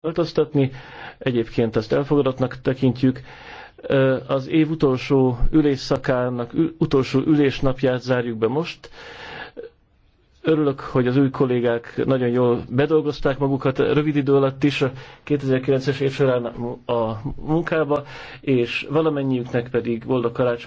változtatni, egyébként ezt elfogadatnak tekintjük. Az év utolsó ülésszakának, utolsó ülésnapját zárjuk be most. Örülök, hogy az új kollégák nagyon jól bedolgozták magukat rövid idő alatt is a 2009-es év során a munkába, és valamennyiüknek pedig boldog karácsony